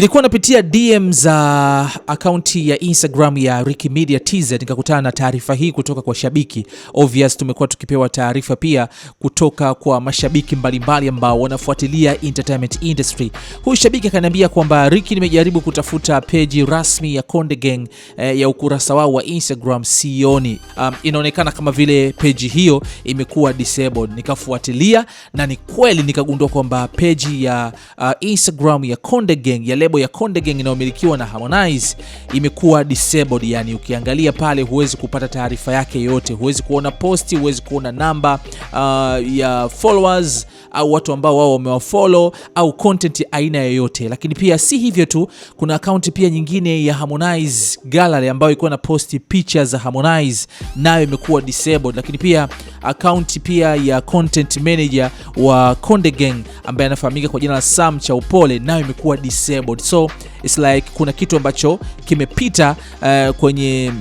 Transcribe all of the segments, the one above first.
Nilikuwa napitia DM za akaunti ya Instagram ya Ricky Media TZ nikakutana na taarifa hii kutoka kwa shabiki. Obvious, tumekuwa tukipewa taarifa pia kutoka kwa mashabiki mbalimbali ambao wanafuatilia entertainment industry. Huyu shabiki akaniambia kwamba Ricky, nimejaribu kutafuta peji rasmi ya Konde Gang eh, ya ukurasa wao wa Instagram sioni. Um, inaonekana kama vile peji hiyo imekuwa disabled. Nikafuatilia na ni kweli nikagundua kwamba peji ya uh, Instagram ya Konde Gang ya lebo ya Konde Gang inayomilikiwa na Harmonize imekuwa disabled, yani ukiangalia pale huwezi kupata taarifa yake yote, huwezi kuona posti, huwezi kuona namba uh, ya followers au watu ambao wao wamewafollow au content aina yoyote. Lakini pia si hivyo tu, kuna akaunti pia nyingine ya Harmonize Gallery ambayo ilikuwa na posti picha za Harmonize, nayo imekuwa disabled. Lakini pia akaunti pia ya content manager wa Konde Gang ambaye anafahamika kwa jina la Sam Chaupole, nayo imekuwa disabled so it's like kuna kitu ambacho kimepita uh, kwenye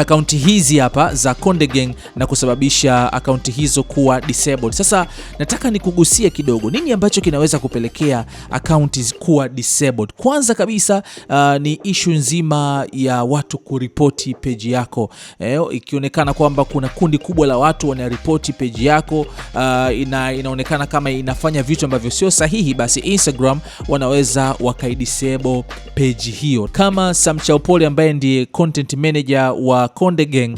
akaunti hizi hapa za Konde Gang na kusababisha akaunti hizo kuwa disabled. Sasa nataka nikugusie kidogo nini ambacho kinaweza kupelekea akaunti kuwa disabled. Kwanza kabisa uh, ni ishu nzima ya watu kuripoti peji yako eh, ikionekana kwamba kuna kundi kubwa la watu wanaripoti peji yako uh, ina, inaonekana kama inafanya vitu ambavyo sio sahihi, basi Instagram wanaweza wakaidisable peji hiyo, kama Sam Chaupole ambaye ndiye content manager wa Konde Gang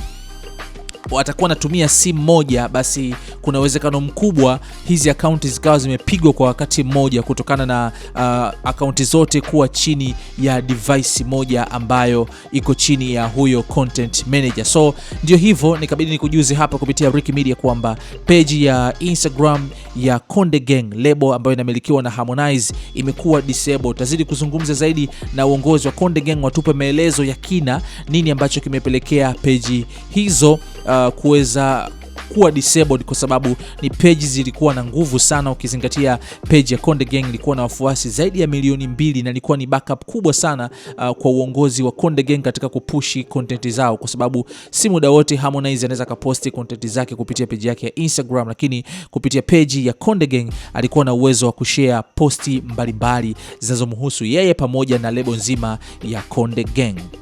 watakuwa wanatumia simu moja, basi kuna uwezekano mkubwa hizi akaunti zikawa zimepigwa kwa wakati mmoja, kutokana na uh, akaunti zote kuwa chini ya device moja ambayo iko chini ya huyo content manager. So ndio hivyo, nikabidi nikujuze hapa kupitia Rick Media kwamba peji ya Instagram ya Konde Gang lebo ambayo inamilikiwa na Harmonize imekuwa disabled. tazidi kuzungumza zaidi na uongozi wa Konde Gang, watupe maelezo ya kina, nini ambacho kimepelekea peji hizo uh, kuweza kuwa disabled kwa sababu ni page zilikuwa na nguvu sana, ukizingatia page ya Konde Gang ilikuwa na wafuasi zaidi ya milioni mbili na ilikuwa ni backup kubwa sana uh, kwa uongozi wa Konde Gang katika kupushi content zao, kwa sababu si muda wote Harmonize anaweza kaposti content zake kupitia page yake ya Instagram, lakini kupitia page ya Konde Gang alikuwa na uwezo wa kushare posti mbalimbali zinazomhusu yeye pamoja na lebo nzima ya Konde Gang.